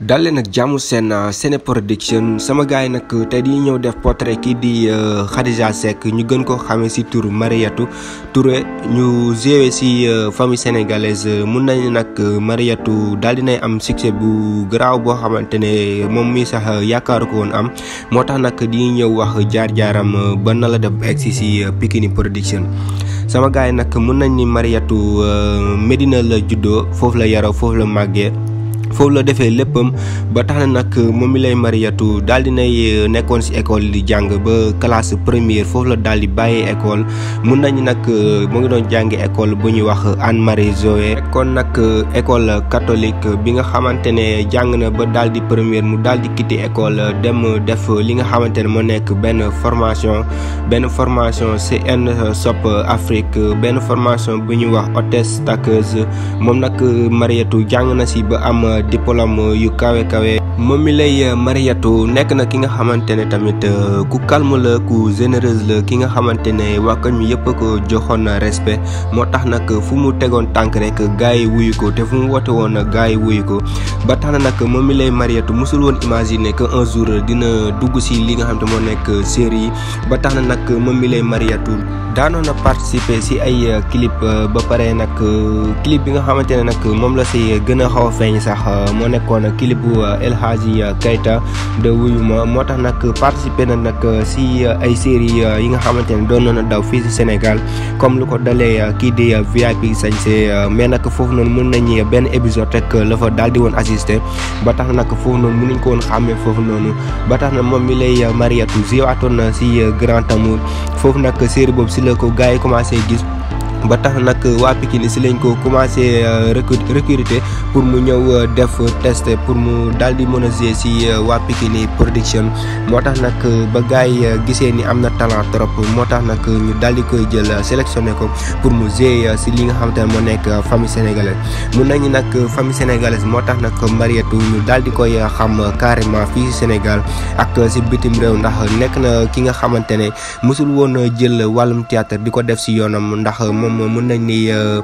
dalee nag jàmm seen euh, Sene Production sama gars yi nag tey di ñëw def portrait kii di euh, Khadija Seck ñu gën ko xamee ci tur Mariétou Touré ñu géwee ci euh, famille sénégalaise mun nañ nag Mariétou daal dinay am succès bu garaaw boo xamante ne moom mi sax yaakaaru ko woon am moo tax nag di ñëw wax jaar-jaaram ba na la def egsi ci Pikini Production sama gars yi nag mun nañ ni Mariétou medina la juddoo foofu la yaroo foofu la màggee foofu la defee léppam ba tax na nag moom mi lay Mariétou daal di nay euh, nekkoon ci école di jàng ba classe première foofu la daal di bàyyee école mun nañu nag euh, mu ngi doon jàngi école bu ñuy wax Anne Marie Zoé kon nag euh, école catholique bi nga xamante ne jàng na ba daal di première mu daal di quitté école dem def li nga xamante ne moo nekk benn formation benn formation CN Sop Afrique benn formation bu ñu wax hôtesse taqueuse moom nag Mariétou jàng na diplôme yu kawe kawe moom mi lay euh, Mariétou nekk na ki nga xamante ne tamit euh, ku calme la ku généreuse la ki nga xamante ne waa koñ mi yëpp ko joxoon na respect moo tax nag fu mu tegoon tànk rek gars yi wuyu ko te fu mu wote woon gars yi wuyu ko ba tax na nag moom mi lay Mariétou mosul woon imaginer que un jour dina dugg si li nga xamante moo nekk euh, série yi ba tax na nag moom mi lay Mariétou daanoon a participer si ay clip ba pare nag clip bi nga xamante ne nag moom la si gën a xaw feeñ sax moo nekkoon clip bu Elha Hadji euh, Keita de wuyu ma moo tax nag participer na nag euh, si euh, ay série yi nga xamante ne doon na daw fii si Sénégal comme lu ko dalee kii di VIP sañse mais nag foofu noonu mën nañu benn épisode rek la fa daal di woon assister ba tax nag foofu noonu mënuñ ko woon xàmmee foofu noonu ba tax na moom mi lay Mariatou si waatoon na si Grand Amour foofu nag série boobu si la ko gars yi commencé gis. ba tax nak waa Pikine si lañ ko commencé euh, recruter pour mu ñëw euh, def test pour mu daal di mën a jouer si euh, waa Pikine production moo tax nag ba gars yi gisee ni am na talent trop moo tax nag ñu daal di koy jël sélectionné ko pour mu jouer si li nga xamante ne moo nekk famille sénégalaise mun nañu nag famille sénégalaise moo tax nag mariet ñu daal di koy xam carrément fii Sénégal ak si bitim réew ndax nekk na ki nga xamante ne mosul woon jël wàllum théâtre di ko def si yoonam ndax moom mun nañ ni euh,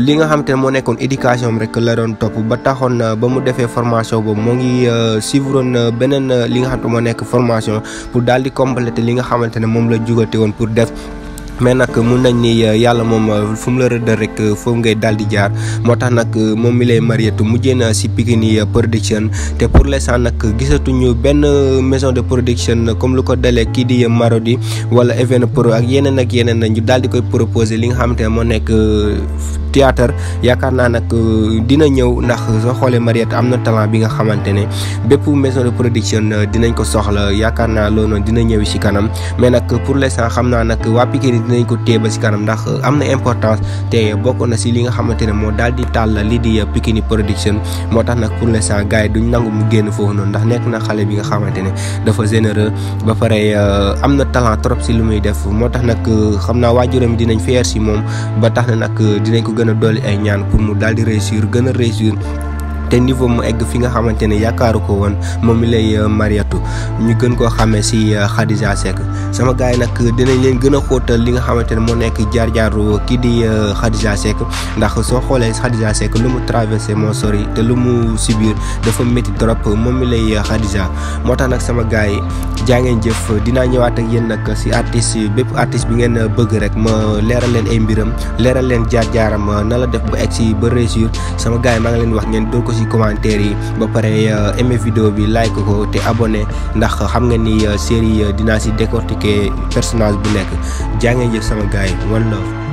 li nga xam te ne moo nekkoon éducation am rek la doon topp ba taxoon na euh, ba mu defee formation boobu moo ngi euh, suivre woon beneen li nga xam te moo nekk formation pour daal di compléter li nga xamante ne moom la jugate woon pour def. mais nag mun nañ ni euh, yàlla moom euh, fu mu la rëddal rek euh, foofu ngay daal di jaar moo tax nag moom mi lay Marietou mujjee na si Pikini production te pour le l'instant nag gisatuñu benn maison de production comme lu ko dalee kii di Marodi wala Even Pro ak yeneen ak yeneen ñu daal di koy proposer li nga xamante ne moo nekk. théâtre yaakaar naa nag euh, dina ñëw ndax soo xoolee Mariette am na talent bi nga xamante ne bépp maison de production euh, dinañ ko soxla yaakaar naa loolu noonu dina ñëw ci kanam mais nag pour l'instant xam naa nag waa Pikine dinañ ko téye ba ci kanam ndax euh, am na importance te bokk na ci li nga xamante ne moo daal di tàll li di Pikine production moo tax nag pour l'instant gars yi duñ nangu mu génn foofu noonu ndax nekk na xale bi nga xamante ne dafa généreux ba pare am na talent trop si lu muy def moo tax nag xam naa waajuram dinañ fier ci moom ba tax na nag dinañ ko na a dolli ay ñaan pour mu daal di réussir gën a réussir te niveau mu egg fi nga xamante ne won ko woon moom lay euh, mariatu ñu gën ko xamee si euh, Khadija Seck sama gaay nak nag dinañ leen gën a xóotal li nga xamante ne moo nekk jaar jaaru kii di euh, Khadija Seck ndax soo xoolee Khadija Seck lu mu traversé moo sori te lu mu subir dafa métti trop moom lay Khadija moo tax sama gaay yi jaa ngeen jëf dinaa ñëwaat ak yéen si artiste bépp artiste bi ngeen bëgg rek ma leeral leen ay mbiram leeral leen jaar jaaram na la def ba egg ba réussir sama gaay ma maa ngi leen wax ngeen ko ci commentaire yi ba pare euh, aimé vidéo bi like ko te abonné ndax xam nga ni euh, série euh, dinaa si décortiquer personnage bu nekk jaa ngeen jëf sama gars yi